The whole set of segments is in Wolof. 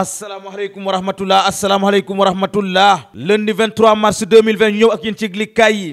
asalaamaaleykum wa rahmatullah asalaamaaleykum wa rahmatullah lundi 23 mars vingt ñëw ak yéen ci yëglikaay yi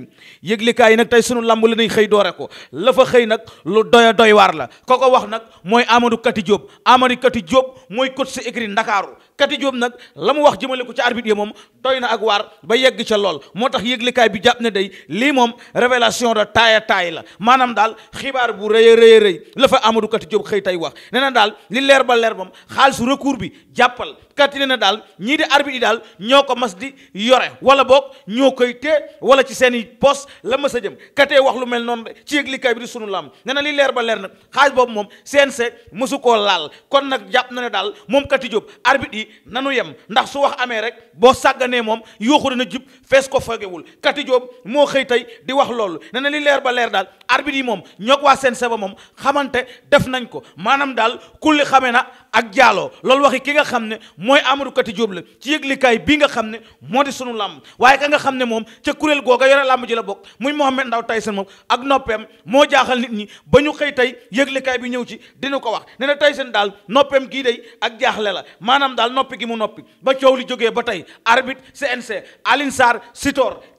yëglikaay yi nag tey sunu lamb la ñuy xëy doore ko la fa xëy nag lu doy doy waar la ko ko wax nag mooy Amadou Kati Diop Amadou Kati Diop mooy coach si écurie Ndakaaru kati Jóob nag la mu wax jimale ko ca arbitre yi moom doy na ak waar ba yegg ca lool moo tax yëglikaay bi jàpp na day lii moom révélation de taaya taay la maanaam daal xibaar bu rëy a rëy rëy la fa Amadou kati Jóob xëy tey wax nee na daal li leer ba leer bam xaalisu recours bi jàppal kàttali na daal ñii di arbitre yi daal ñoo ko mas di yore wala boog ñoo koy tee wala ci seen i poste la mas a jëm katee wax lu mel noonu ci yëglikaay bi di sunu làmp nee na li leer ba leer nag xaalis boobu moom CNC mësu koo laal kon nag jàpp na ne daal moom Katy Diop arbitre yi nanu yem ndax su wax amee rek boo sàgganee moom yooxu dana jib fees ko fagewul Katy Diop moo xëy tey di wax loolu nee na li leer ba leer daal arbitre yi moom ñoo ko waa CNC ba moom xamante def nañ ko maanaam daal kulli xamee na ak jaaloo loolu waxi ki nga xam ne mooy Amadou Kati Diop la ci yëglikaay bii nga xam ne moo di sunu làmb waaye ka nga xam ne moom ca kuréel googa yore làmb ji la bokk muy Mohamed Ndaw Tyson moom ak noppeem moo jaaxal nit ñi ba ñu xëy tey yëglikaay bi ñëw ci dina ko wax ne na Tyson daal noppeem gii dey ak jaaxle la maanaam daal noppi gi mu noppi ba coow li jógee ba tey arbitre CNC Alioune Sarr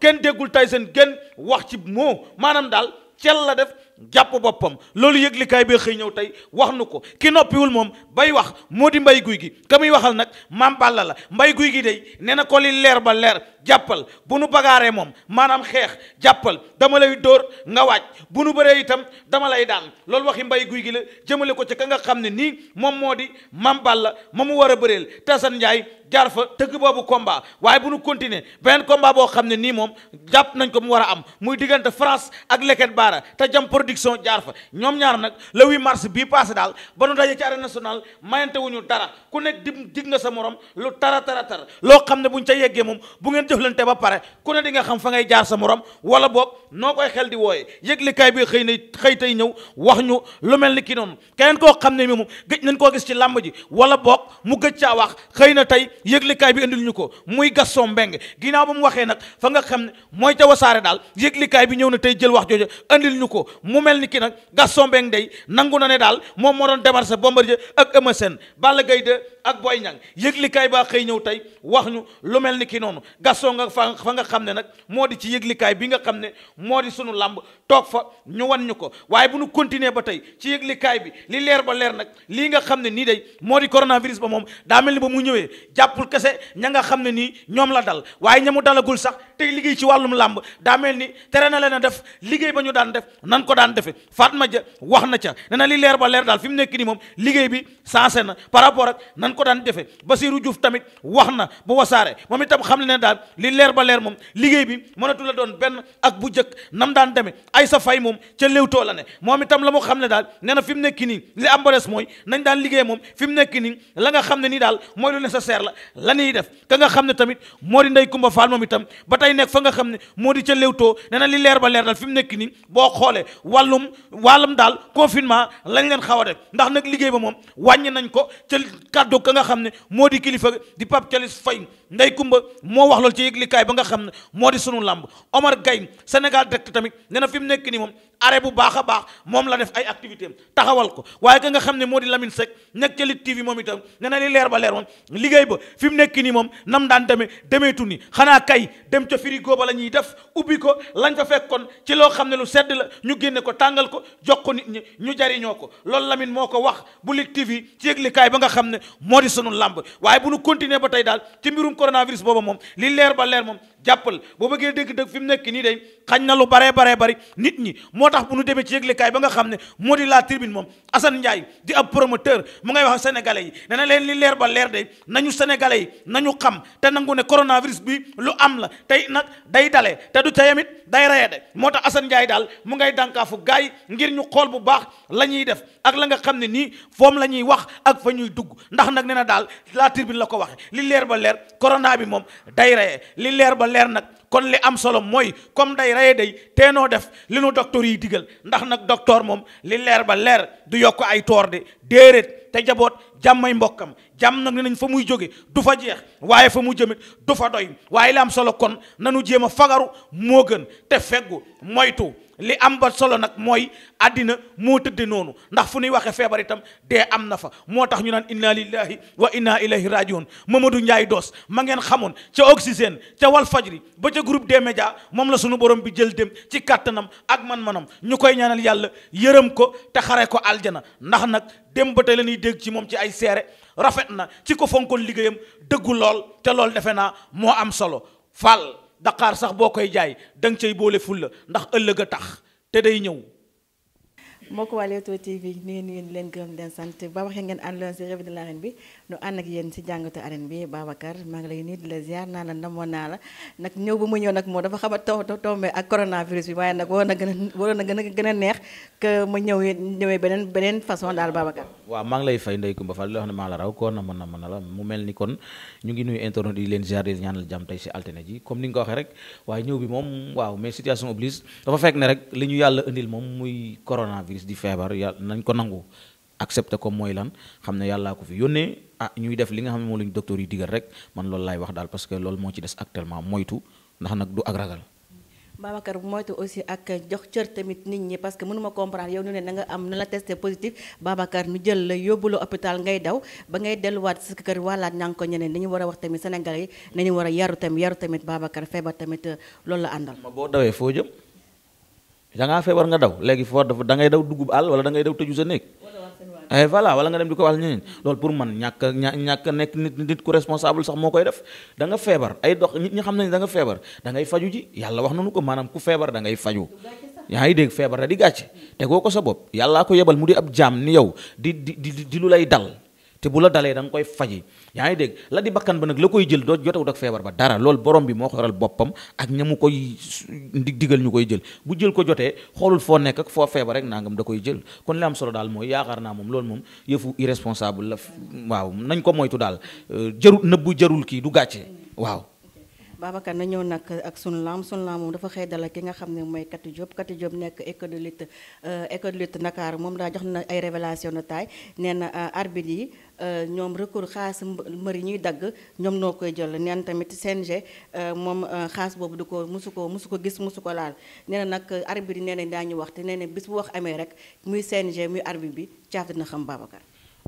kenn déggul Tyson kenn wax ci moo maanaam daal cel la def jàpp boppam loolu yëglikaay bi xëy ñëw tey wax nu ko ki noppiwul moom bay wax moo di mbay guy gi ka muy waxal nag maam Balla la mbay guy gi day nee na ko li leer ba leer jàppal bu nu bagaaree moom maanaam xeex jàppal dama lay dóor nga waaj bu nu bëree itam dama lay daan loolu waxi mbay guy gi la jëmale ko ci ka nga xam ne nii moom moo di maam Balla ma mu war a bëreel tasan Ndiaye jaar fa tëgg boobu combat waaye bu nu continuer beneen combat boo xam ne nii moom jàpp nañ ko mu war a am muy diggante France ak Leket Baara te jam production jaar fa ñoom ñaar nag le 8 mars bii passé daal ba nu dajee ci arène nationale mayante wuñu dara ku nekk di dig nga sa morom lu tara tara tara loo xam ne bu buñ ca yeggee moom bu ngeen jëflante ba pare ku ne di nga xam fa ngay jaar sa morom wala boog noo koy xel di wooye yëglikaay bi xëy na xëy tey ñëw wax ñu lu mel ni ki keneen koo xam ne mi moom gëj nañ koo gis ci làmb ji wala boog mu gëj caa xëy na tey yëglikaay bi indil ñu ko muy Gaston Mbengue ginnaaw ba mu waxee nag fa nga xam ne mooy ca wasaare daal yëglikaay bi ñëw na tey jël wax jooju indil ñu ko mu mel ni ki nag Gaston Mbengue day nangu na ne daal moom moo doon démarché Bombardier ak Eumeu Sène Balla Gaye 2 ak Boy Niang yëglikaay baa xëy ñëw tey wax ñu lu mel ni ki noonu Gaston nga fa fa nga xam ne nag moo di ci yëglikaay bi nga xam ne moo di suñu làmb toog fa ñu wan ñu ko waaye bu ñu continuer ba tey ci yëglikaay bi li leer ba leer nag lii nga xam ne nii day moo di coronavirus ba moom daa mel ni ba mu ñëwee jàpp pour kese ña nga xam ne nii ñoom la dal waaye ñamu dalagul sax tey liggéey ci wàllum làmb daa mel ni tere na leen a def liggéey ba ñu daan def nan ko daan defe Fatma ja wax na ca ne na li leer ba leer daal fi mu nekk nii moom liggéey bi sensé na par rapport ak nan ko daan defe Basirou Diouf tamit wax na bu wasaare moom itam xam ne ne daal li leer ba leer moom liggéey bi mënatu la doon benn ak bu njëkk nam daan demee ay sa fay moom ca léewtoo la ne moom itam la mu xam ne daal nee na fi mu nekk nii li am ba des mooy nañ daan liggéey moom fi mu nekk nii la nga xam ne nii daal mooy lu nécessaire la la ñuy def ka nga xam ne tamit moo di ndey Kumba Faal moom itam ba tey nekk fa nga xam ne moo di ca Leewtoo nee li leer ba leer dal fi mu nekk nii boo xoolee wàllum wàllum daal confinement lañ leen xaw a def ndax nag liggéey ba moom wàññi nañ ko cël kàddu ka nga xam ne moo di kilifa di Pape Thialis Faye nday kumba moo wax loolu ci yëglikaay ba nga xam ne moo di sunu làmb Omar Gaye Sénégal direct tamit nee na fi mu nekk nii moom arrêt bu baax a baax moom la def ay activité am taxawal ko waaye ka nga xam ne moo di Lamine Seck nekk ca Lutte TV moom itam nee na li leer ba leer liggéey ba fi mu nekk nii moom nam daan demee demeetu ni xanaa kay dem ca frigo ba la ñuy def ubbi ko lañ fa fekkoon ci loo xam ne lu sedd la ñu génne ko tàngal ko jox ko nit ñi ñu jariñoo ko loolu Lamine moo ko wax bu Lutte TV ci ba nga xam ne moo di sunu làmb waaye bu nu continuer ba tey daal ci mbirum coronavirus booba moom li leer ba leer moom jàppal boo bëggee dégg-dëgg fi mu nekk nii day xañ na lu baree baree bari nit ñi moo tax bu nu demee ci yëglekaay ba nga xam ne moo di la tribune moom Assane Ndiaye di ab promoteur mu ngay wax sénégalais yi nee leen li leer ba leer day nañu sénégalais yi ñu xam te nangu ne coronavirus bi lu am la tey nag day dalee te du ca yamit day raye de moo tax Assane Ndiaye daal mu ngay dànkaafu gars yi ngir ñu xool bu baax la ñuy def ak la nga xam ne nii foom la ñuy wax ak fa ñuy dugg ndax nag nee daal la tribune la ko waxe li leer ba leer corona bi moom day li leer leer nag kon li am solo mooy comme day reye day teenoo def li nu docteur yi digal ndax nag docteur moom li leer ba leer du yokk ay toor de déeréet te jaboot jàmmay mbokkam jàmm nag ne nañu fa muy jóge du fa jeex waaye fa mu jëmit du fa doy waaye li am solo kon nanu jéem a fagaru moo gën te feggu moytu li am ba solo nag mooy àddina moo tëdde noonu ndax fu ñuy waxee feebar itam dee am na fa moo tax ñu naan inna lillahi wa inna ilayhi rajiun Mamadou Ndiaye doos ma ngeen xamoon ca oxygène ca wal fajri ba ca groupe des médias moom la sunu borom bi jël dem ci kàttanam ak man-manam ñu koy ñaanal yàlla yërëm ko te xare ko aljana ndax nag dem ba la ñuy dégg ci moom ci ay seere rafet na ci ko fonkoon liggéeyam dëggu lool te lool defe naa moo am solo fal daqaar sax boo koy jaay danga cay boole fulla ndax ëllëg a tax te day ñëw mbokk waa Leewtoo TV ñu ngi leen gërëm leen sant ba waxee ngeen ànd leen si revue de l'arène bi nu ànd ak yéen ci jàngatu arène bi Babacar maa ngi lay nuyu di la ziar naa la ndamoo naa la nag ñëw ba mu ñëw nag moo dafa xam a taw tombé ak coronavirus bi waaye nag a waroon na gën a a neex que ma ñëw ñëwee beneen beneen façon na mën na mën na la ni kon ñu ngi nuyu internet yi leen ziar di ñaanal jàmm tey ci altine ji comme ni nga ko waxee moom waaw mais situation oblige di feebar yàlla nañ ko nangu accepté ko mooy lan xam ne yàllaa ko fi yónnee ah ñuy def li nga xam ne moom la ñu docteur yi digal rek man loolu laay wax daal parce que loolu moo ci des actuellement moytu ndax nag du ak ragal. Babacar moytu aussi ak jox cër tamit nit ñi parce que mënuma comprendre yow nu ne na nga am na la testé positif Babacar nu jël la yóbbu la hôpital ngay daw ba ngay delluwaat sa kër wàllaat ñaa ngi ko ñeneen dañu war a wax tamit Sénégal yi nañu war a yaru tamit yaru tamit Babacar feebar tamit euh, loolu la àndal. ma boo dawee foo jëm da ngaa feebar nga daw léegi foo dafa da ngay daw dugub àll wala da ngay daw tëju sa néeg ay eh, voilà wala nga dem di ko wax ñeneen loolu pour man ñàkk a ñàkk nekk nit nit ku responsable sax moo koy def danga feebar ay dox nit ñi xam nañ danga feebar dangay faju ji yàlla wax na nañu ko maanaam ku feebar dangay faju yaa ngi dégg feebar da di gàcc te koo ko sa bopp yàllaa ko yebal mu di ab jaam ni yow di di di di lu lay dal te bu la dalee danga koy faji yaa ngi dégg la di bakkan ba nag la koy jël doo jotewut ak feebar ba dara loolu borom bi moo xoral boppam ak ña mu koy diggal ñu koy jël bu jël ko jotee xoolul foo nekk ak foo feebar rek nangam da koy jël kon li am solo daal mooy yaakaar naa moom loolu moom yëfu irresponsable la waaw nañ ko moytu daal euh, jarul nëbbu jarul kii du gàcce waaw Babacar na ñëw nag ak sunu laam sunu laam moom dafa xëy dala ki nga xam ne mooy Kati Diop Kati Diop nekk école de lutte euh, école de lutte Dakar moom daa jox na ay révélation de taille nee na euh, arbitre yi euh, ñoom recours xaas mbër yi ñuy dagg ñoom noo koy jël nee na tamit CNG moom xaas boobu du ko musu ko musu ko gis musu ko laal nee na nag arbitre yi nee nañ daañu wax te nee na bis bu wax amee rek muy CNG muy arbitre bi caaf dina xam Babacar.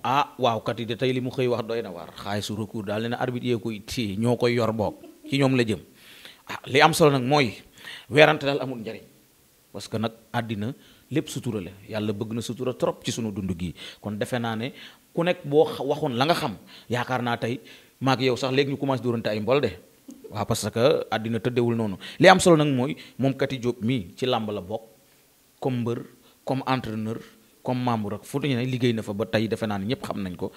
ah waaw Kati de tey li mu xëy wax doy na waar xaalisu recours daal nee na arbitre yee koy téye ñoo koy yor boog. ci ñoom la jëm ah li am solo nag mooy weerante daal amul njariñ parce que nag àddina lépp sutura la yàlla bëgg na sutura trop ci sunu dund gii kon defe naa ne ku nekk boo waxoon la nga xam yaakaar naa tey maak yow sax léegi ñu commencé dóorante ay mbol de waaw parce que àddina tëddewul noonu li am solo nag mooy moom Kati Diop mii ci làmb la bokk comme mbër comme entraîneur comme membre ak ñu Niané liggéey na fa ba tey defe naa ne ñëpp xam nañ ko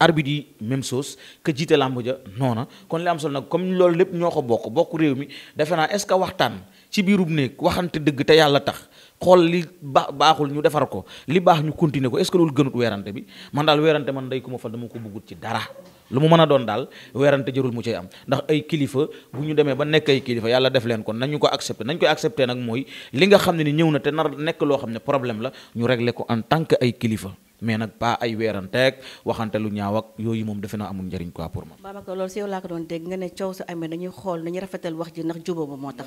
arbitre yi même chose que jiite làmb ja noona kon li am solo nag comme loolu lépp ñoo ko bokk bokk réew mi defe naa est que waxtaan ci biirub néeg waxante dëgg te yàlla tax xool li ba baaxul ñu defar ko li baax ñu continuer ko est-ce que loolu gënut weerante bi man daal weerante man day ku ma fal dama ko bëggut ci dara lu mu mën a doon daal weerante jërul mu cay am ndax ay kilifa bu ñu demee ba nekk ay kilifa yàlla def leen kon nañu ko accepté nañ koy accepté nag mooy li nga xam ne ni ñëw na te na nekk loo xam ne problème la ñu régler ko en tant que ay kilifa mais na pas ay weeranteeg waxante lu ñaaw ak yooyu moom defe naa amul njëriñ quoi pour man. Babacar loolu si yow laa ko ne coow su amee dañuy xool dañuy rafetal wax ji ndax juboo ba moo tax.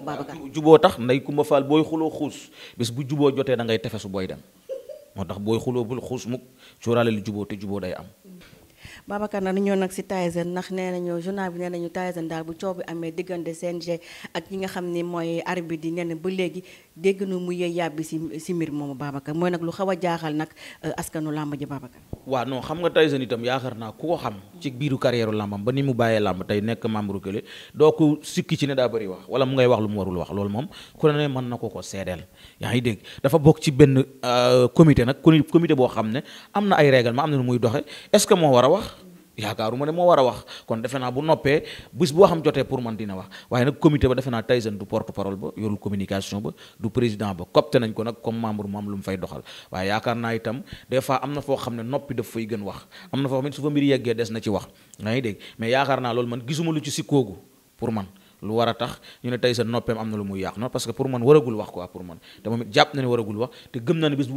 tax nday ku ma faal booy xuloo xuus bis bu juboo jotee da tefesu booy dem moo tax booy xuloo bul xuus mukk sóoraale lu juboo te juboo day am na nag ñoo nag si Tyson ndax ne nañu journal bi nee nañu Tyson daal bu coow bi amee diggante seen gee ak ñi nga xam ni mooy arbitre yi nee na ba léegi dégg nu muy yàbbi si si mbir moomu Babacar mooy nag lu xaw a jaaxal nag euh, askanu làmb ji Babacar. waaw non xam nga Tyson itam yaakaar naa ku ko xam. ci biiru carrière làmbam ba ni mu bàyyee làmb tey nekk membre kële doo ko sikki ci ne daa bëri wax wala mu ngay wax lu mu warul wax loolu moom ku ne mën na ko ko seedeel yaa ngi dégg dafa bokk ci benn euh, comité nag comité boo xam ne am na ay règlement am na lu muy doxe est-ce moo war a wa yaakaaruma a wax kon defe naa bu noppee bis bu waxam jotee pour man dina wax waaye nag comité ba defe naa Tyson du porte parole ba yorul communication ba du président ba copte nañ ko nag comme membre mu am lu mu fay doxal waaye yaakaar naa itam des am na foo xam ne noppi daf fay gën wax am na foo xam ne su fa mbir yeggee des na ci wax nga ngi dégg mais yaakaar naa loolu man gisuma lu ci si pour man lu war a tax ñu ne tey sa noppeem am na lu muy yàq non na ne waragul wax te gëm na na nit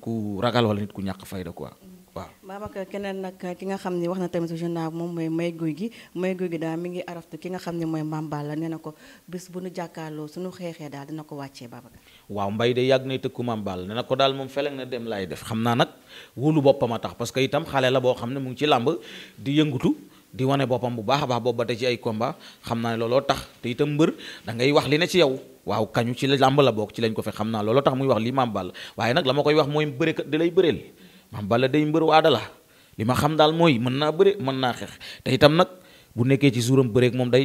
ku ragal wala nit ku ñàkk waaw Babacar keneen nag ki nga xam ne wax na tamit si journal moom mooy may guy gi may guy gi daal mi ngi araftu ki nga xam ne mooy mbambal la nee na ko bis bu nu jàkkaarloo suñu xeexee daal dina ko wàccee Babacar waaw mbay de yàgg nay tëkku mbambal na ko daal moom feleng na dem laay def xam naa nag wóolu boppam a tax parce que itam xale la boo xam ne mu ngi ci làmb di yëngutu di wane boppam bu baax a baax boobu ba te ci ay combat xam naa ne looloo tax te itam mbër da ngay wax li ne ci yow waaw kañu ci làmb la bokk ci lañ ko fi xam naa looloo tax muy wax lii mbambal waaye nag la koy wax mooy bërekat da lay bëreel Ama Baldé day mbër waada la li ma xam daal mooy mën naa bëre mën naa xeex te itam nag bu nekkee ci suuram bëreeg moom day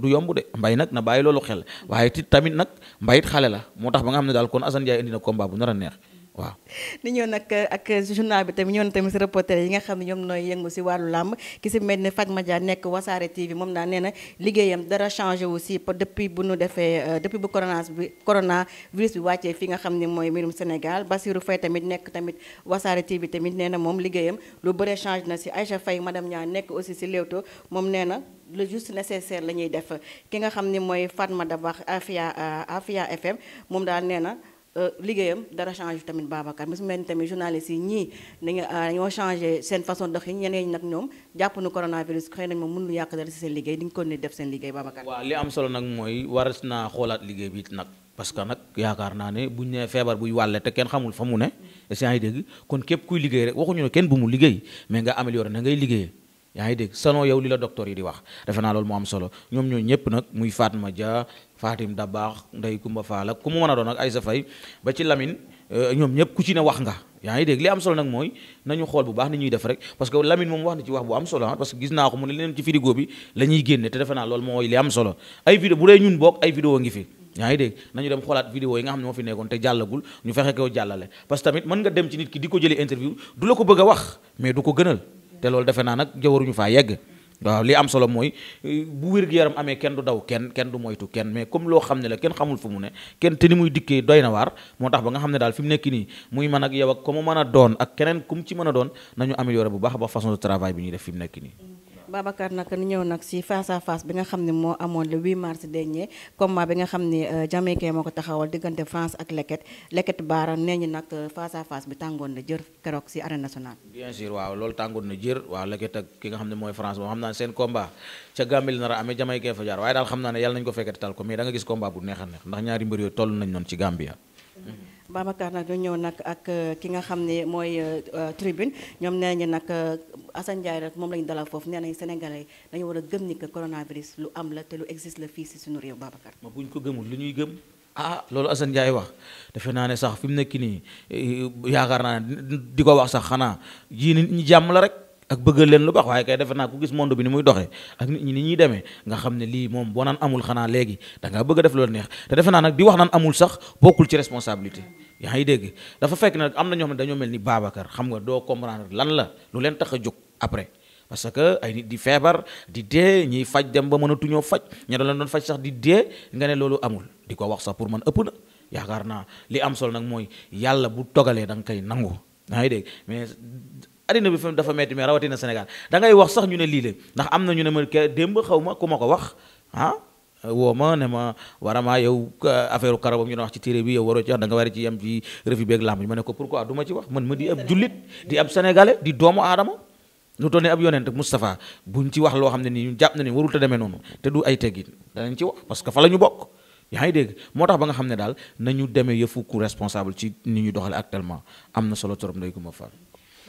du yomb de mbay nag na bàyyi loolu xel waaye tit tamit nag mbayit xale la moo tax ba nga xam ne daal kon Assane Ndiaye indi na combat bu nar a neex waaw ni ñëw nag eh, ak eh, journal bi tamit ñëw na tamit si reporter yi nga xam ne ñoom nooy yëngu si wàllu làmb ki si mel ne Fatma Dia nekk Wasaare TV moom daal nee na liggéeyam dara changé aussi depuis bu nu defee eh, depuis bu corona bi corona virus bi wàccee fi nga xam ne mooy mbirum Sénégal Bassirou Faye tamit tamit Wasaare TV tamit nee na moom liggéeyam lu bëre changé na si Aïcha Faye madame Nia nekk aussi si Leewtoo moom nee na le juste nécessaire la ñuy def ki nga xam ni mooy Fatma Dabax Afia Afia FM moom daal nee na Euh, liggéeyam dara change tamit Babacar mais su mel ni tamit journaliste yi ñii dañu euh, dañoo seen façon doxin ñeneen ñi nag ñoom jàpp na coronavirus xëy nañ moom mënul yàq dara si seen liggéey di kon ko def seen liggéey Babacar. waaw li am solo nag mooy war naa xoolaat liggéey bi nag parce que nag yaakaar naa ne buñ nee feebar buy wàlle te kenn xamul fa mu ne. si ay dégg kon képp kuy liggéey rek waxuñu ne kenn bu mu liggéey mais nga amélioré na ngay liggéey yaa ngi dégg selon yow li la docteur yi di wax defe naa lool moo am solo ñoom ñoo ñëpp nag muy Fatma Dia Fatim Dabaax Ndey Kumba Faal ak ku mu mën a doon ak Aïssa Faye ba ci Lamine euh, ñoom ñëpp ku ci ne wax nga yaa ngi dégg li am solo nag mooy nañu xool bu baax ni ñuy def rek parce que Lamine moom wax na ci wax bu am solo ah parce que gis naa ko mu ne leneen ci frigo bi la génne te defe naa loolu mooy li am solo ay vidéo bu dee ñun bokk ay vidéo ngi fi yaa ngi dégg nañu dem xoolaat vidéo yi nga xam ne moo fi nekkoon te jàllagul ñu fexe ko jàllale parce que tamit dem ci nit ki di ko jëli interview la ko bëgg wax mais du ko gënal te loolu defe naa nag jawaruñu faa yegg waaw li am solo mooy bu wér-gu-yaram amee kenn du daw kenn kenn du moytu kenn mais comme loo xam ne la kenn xamul fu mu ne kenn te ni muy dikkee doy na waar moo tax ba nga xam ne daal fi mu nekk nii muy man ak yow ak ku mu mën a doon ak keneen ku mu ci mën a doon nañu amélioré bu baax ba façon de travail bi ñuy def fi mu nekk nii Babacar nag ni ñëw nag si face à face bi nga xam ne moo amoon le 8 mars dernier combat bi nga xam ne euh, Jamaïcain moo ko taxawal diggante France ak Leket Leket Baara nee ñu nag euh, face à face bi tàngoon na jër keroog si arène nationale. bien sûr waaw loolu tàngoon na jër waaw Leket ak ki nga xam ne mooy France moom xam naa seen combat ca Gambie la nar a amee Jamaïcain fa jaar waaye daal xam naa ne yàlla nañu ko fekkete tal ko mais da nga gis combat bu neex a neex ndax Babacar nag ñu ñëw nag ak euh, ki nga xam ne mooy euh, euh, tribune ñoom nee nañu nag Assane Ndiaye rek moom la ñu dalal foofu nee nañu sénégalais dañu war a gëm ni que coronavirus lu am la te lu existe la fii si suñu réew Babacar. ma bu ko gëmul lu ñuy gëm. ah loolu Assane Ndiaye wax defe naa ne sax fi mu nekk nii eh, yaakaar naa ne di ko wax sax xanaa jii nit ñi jàmm la rek. ak bëggal leen lu baax waaye kay defe naa ku gis monde bi ni muy doxee ak nit ñi ni ñuy nga xam ne lii moom boo naan amul xanaa léegi danga bëgg a def loolu neex te defe naa nag di wax naan amul sax bokkul ci responsabilité yaa ngi dégg dafa fekk ne am na dañoo mel ni Babacar xam nga doo comprendre lan la lu leen tax a jóg après parce que ay nit di feebar di dee ñiy faj dem ba mënatuñoo faj ña leen doon faj sax di dee nga loolu amul di ko wax sax pour man ëpp na yaakaar naa li am solo nag mooy yàlla bu togalee da nga koy nangu addina bi fi dafa metti mais rawatina Sénégal da wax sax ñu ne lii la ndax am na ñu ne ma démb xaw ma ku ma ko wax ah woo ma ne ma vraiment yow euh, affaire karaw ñu doon wax ci téere bi yow waroo ci wax da nga war ci yem ci revue beeg làmb ma ne ko pourquoi du ma ci wax man ma di ab jullit di ab sénégalais di doomu aadama lu toll ne ab yonent bu buñ ci wax loo xam ne ni ñu jàpp na ni warul te demee noonu te du ay teggin danañ ci wax parce que fa la ñu bokk yaa ngi dégg tax ba nga xam ne daal nañu demee yëfu ku responsable ci ni ñu doxale actuellement am na solo torop ndey ku ma faal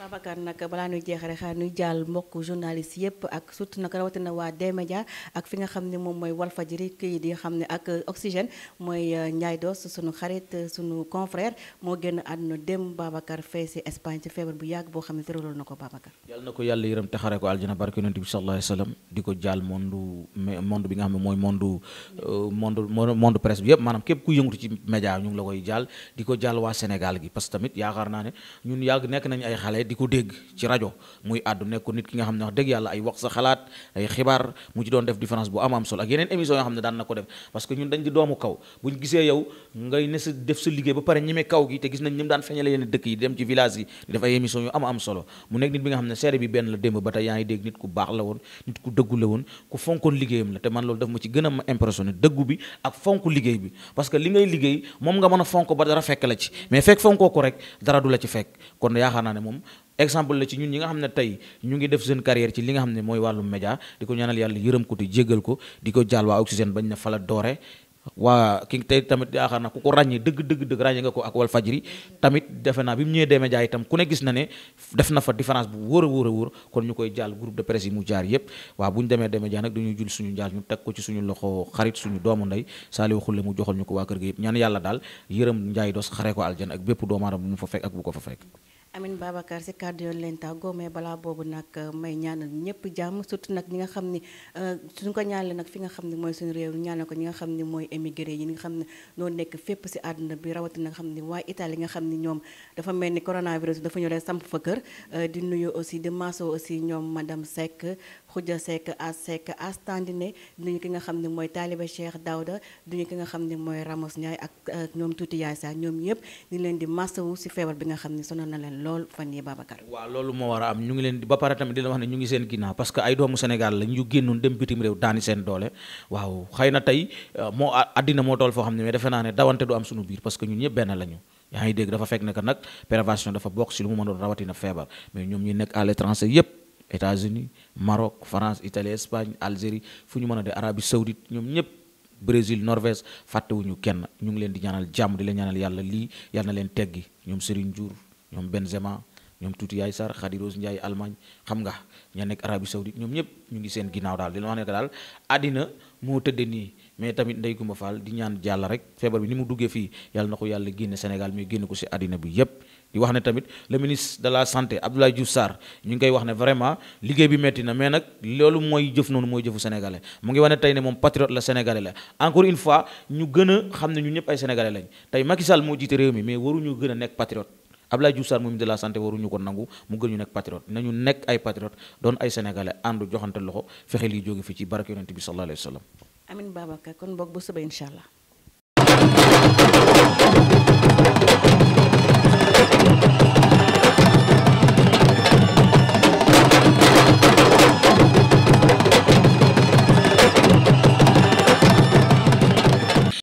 Babacar nag balaa ñuy jeexale xaar ñuy jàll mbokk journaliste yépp ak surtout nag rawatina waa D-Media ak fi nga xam ne moom mooy Walfadjri kii di nga xam ne ak Oxygène mooy euh, Ndiaye Dos sunu xarit euh, sunu confrère moo génn àdduna dem Babacar fee si Espagne ci feebar bu yàgg boo xam ne tëraloon na ko Babacar. yàlla na ko yàlla yërëm te xare ko aljana barke yonent bi sallallahu alayhi wasallam di ko jàll monde bi nga xam ne mooy euh, monde monde monde presse bi yépp maanaam képp ku yëngatu ci média ñu koy jàll di ko jàll waa Sénégal gi di ko dégg ci rajo muy àddu nekku nit ki nga xam ne wax dëgg yàlla ay wax sa xalaat ay xibaar mu ci doon def différence bu am am solo ak yeneen émission yoo xam ne daan na ko def parce que ñun dañ di doomu kaw buñ gisee yow ngay ne sa def sa liggéey ba pare ñeme kaw gi te gis nañ ñim daan feeñale yenn dëkk yi dem ci village yi def ay émission yu am am solo mu nekk nit bi nga xam ne seede bi benn la démb ba tey yaa dégg nit ku baax la woon nit a exemple la ci ñun ñi nga xam ne tey ñu ngi def seen carrière ci li nga xam ne mooy wàllu média di ko ñaanal yàlla yërëm ko te jéggal ko di ko jaal waa oxygène bañ na fala doore waa ki tey tamit yaakaar naa ko ràññee dëgg dëgg dëgg ràññee nga ko ak wal fajri tamit defe naa bi mu ñëwee dee média itam ku ne gis na ne def na fa différence bu wóor a wóor kon ñu koy jàll groupe de presse yi mu jaar bu ñu demee dee média nag dañuy jul suñu njaal ñu teg ko ci suñu loxo xarit suñu doomu ndey saaliwu xulle mu joxal ñu ko waa kër ñaan yàlla daal yërëm njaay dos xaree ko aljan ak bépp doomu aadama bu mu fa fekk ak bu ko fa fekk Amin Babacar si kàddu yoon leen tàggoo mais balaa boobu nag euh, may ñaanal ñëpp jàmm surtout nag ñi nga xam ni euh, suñ ko ñaanale nag fi nga xam ne mooy suñu réew ñaanal ko ñi nga xam ne mooy émigré yi nga xam ne noo nekk fépp si àdduna bi rawatina xam ni waaye Italie nga xam ni ñoom dafa mel ni coronavirus dafa ñëw samp fa kër euh, di nuyu aussi di maaso aussi ñoom madame Seck Khoudia Seck as Seck as Tandine ki nga xam ne mooy Talibé Cheikh dawda nuyu ki nga xam ne mooy Ramos Ndiaye ak ñoom tuuti yaay sa ñoom ñëpp ñu leen di maasawu si feebar bi nga xam ne sonal na leen lool fan yii Babacar. waaw loolu moo war a am ñu ngi leen di ba pare tamit di la wax ne ñu ngi seen ginnaaw parce que ay doomu Sénégal la ñu génnoon dem bitim réew daani seen doole waaw xëy na tey euh, moo àddina moo tool foo xam ne mais defe naa ne dawante du am suñu biir parce que ñun ñëpp benn la ñu. yaa ngi dégg dafa fekk ne que nag prévention dafa bokk si lu mu mënoon rawatina feebar mais ñoom ñi nekk à l'étranger yëpp États-Unis Maroc France Italie Espagne Algérie fu ñu mën a de Arabie Saoudite ñoom kenn ñu ngi leen di ñaanal jàmm di leen ñaanal yàlla lii yàlla na leen teggi ñoom Serigne Diour ñoom Benzema ñoom tuuti yaay Sarr Khady Rose Ndiaye Allemagne xam nga ña nekk Arabie Saoudite ñoom ñëpp ñu ngi seen ginnaaw daal di la wax ne daal àddina moo tëdde nii mais tamit Ndeye Coumba Fall di ñaan jàll rek feebar bi mu duggee fii yàlla na ko yàlla génne Sénégal mais génne ko si àddina bi yépp di wax ne tamit le ministre de la santé Abdoulaye Diouf ñu ngi koy wax ne vraiment liggéey bi metti na mais nag loolu mooy jëf noonu mooy jëfu sénégalais mu ngi wane tey ne moom patriote la sénégalais la encore une fois gën a xam ne ñëpp ay sénégalais lañ tey Macky Sall moo jiite réew mi mais waruñu gën a nekk patriote Abdoulaye Diouf Sarr mu de la santé waruñu ko nangu mu gën ñu nekk patriote nañu nekk ay patriote doon ay sénégalais àndu joxante loxo fexe lii jóge fi ci barke yonent bi sallallahu alayhi wa sallam amin Babacar kon boog bu suba incha allah